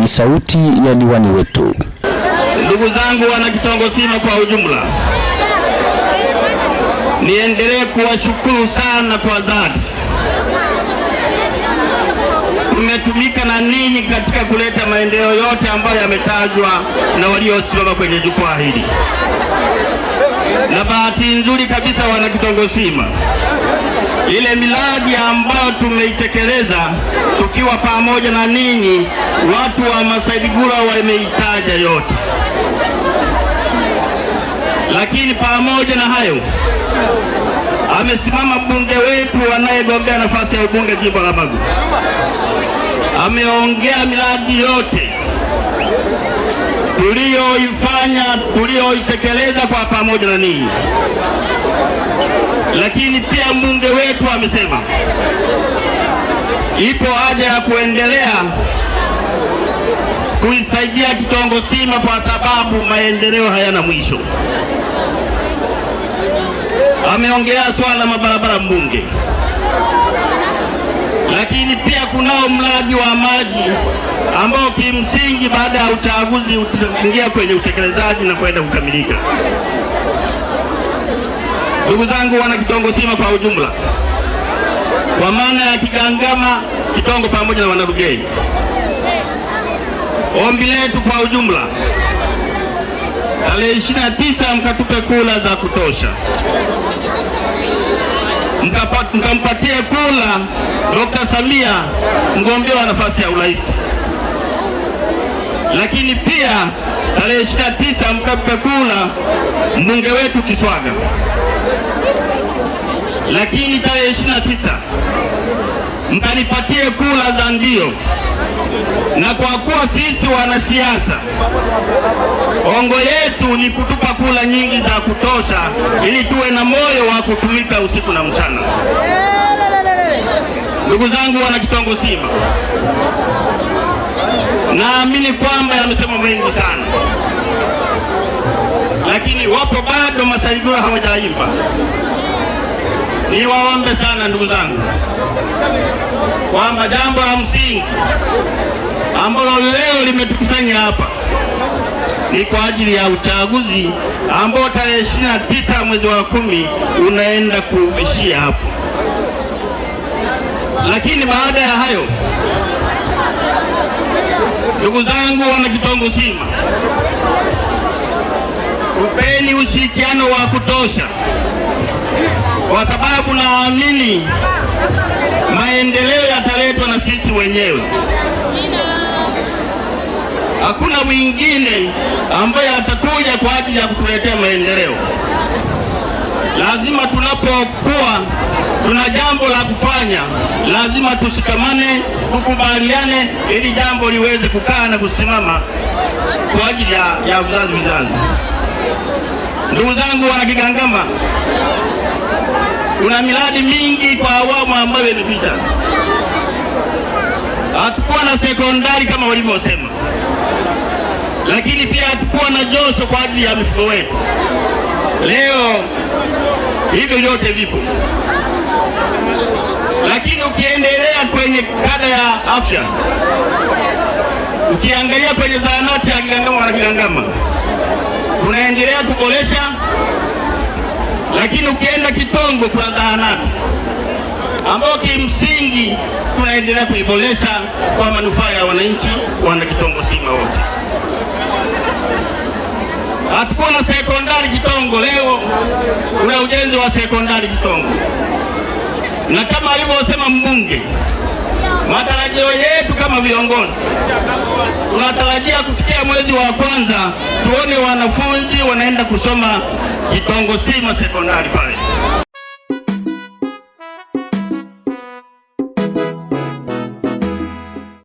Ni sauti ya diwani wetu. Ndugu zangu wana Kitongosima kwa ujumla, niendelee kuwashukuru sana kwa dhati. Tumetumika na ninyi katika kuleta maendeleo yote ambayo yametajwa na waliosimama kwenye jukwaa hili, na bahati nzuri kabisa wana Kitongosima, ile miradi ambayo tumeitekeleza tukiwa pamoja na ninyi Watu wa Masaid Gula wameitaja yote, lakini pamoja na hayo amesimama mbunge wetu anayegombea nafasi ya ubunge jimbo la Magu, ameongea miradi yote tuliyoifanya tuliyoitekeleza kwa pamoja na ninyi. Lakini pia mbunge wetu amesema ipo haja ya kuendelea kuisaidia Kitongosima kwa sababu maendeleo hayana mwisho. Ameongea swala mabarabara mbunge, lakini pia kunao mradi wa maji ambao kimsingi baada ya uchaguzi utaingia kwenye utekelezaji na kwenda kukamilika. Ndugu zangu wana Kitongosima kwa ujumla, kwa maana ya Kigangama, Kitongo pamoja na Wanarugei Ombi letu kwa ujumla, tarehe 29 mkatupe kula za kutosha, mkampatie kula Dr. Samia mgombea wa nafasi ya urais. Lakini pia tarehe 29 mkatupe kula mbunge wetu Kiswaga. Lakini tarehe 29 mkanipatie kula za ndio na kwa kuwa sisi wanasiasa ongo yetu ni kutupa kula nyingi za kutosha, ili tuwe na moyo wa kutumika usiku na mchana. Ndugu zangu wana Kitongo Sima, naamini kwamba yamesema mengi sana, lakini wapo bado masaligura hawajaimba. Niwaombe sana ndugu zangu kwamba jambo la msingi ambalo leo limetukusanya hapa ni kwa ajili ya uchaguzi ambao tarehe 29 mwezi wa kumi unaenda kuishia hapo. Lakini baada ya hayo, ndugu zangu, wana Sima upeni ushirikiano wa kutosha, kwa sababu naamini maendeleo yataletwa na sisi wenyewe. Hakuna mwingine ambaye atakuja kwa ajili ya kutuletea maendeleo. Lazima tunapokuwa tuna jambo la kufanya, lazima tushikamane, tukubaliane, ili jambo liweze kukaa na kusimama kwa ajili ya vizazi vizazi. Ndugu zangu wanakigangama kuna miradi mingi kwa awamu ambayo imepita. Hatukuwa na sekondari kama walivyosema, lakini pia hatukuwa na josho kwa ajili ya mifugo wetu. Leo hivyo vyote vipo, lakini ukiendelea kwenye kada ya afya, ukiangalia kwenye zahanati ya Kigangama wanakigangama unaendelea kuboresha, lakini ukienda Kitongo kuna zahanati ambayo kimsingi tunaendelea kuiboresha kwa manufaa ya wananchi wana Kitongo sima wote. Hatukuwa na sekondari Kitongo, leo una ujenzi wa sekondari Kitongo, na kama alivyosema mbunge Matarajio yetu kama viongozi, tunatarajia kufikia mwezi wa kwanza tuone wanafunzi wanaenda kusoma Kitongo Sima sekondari pale.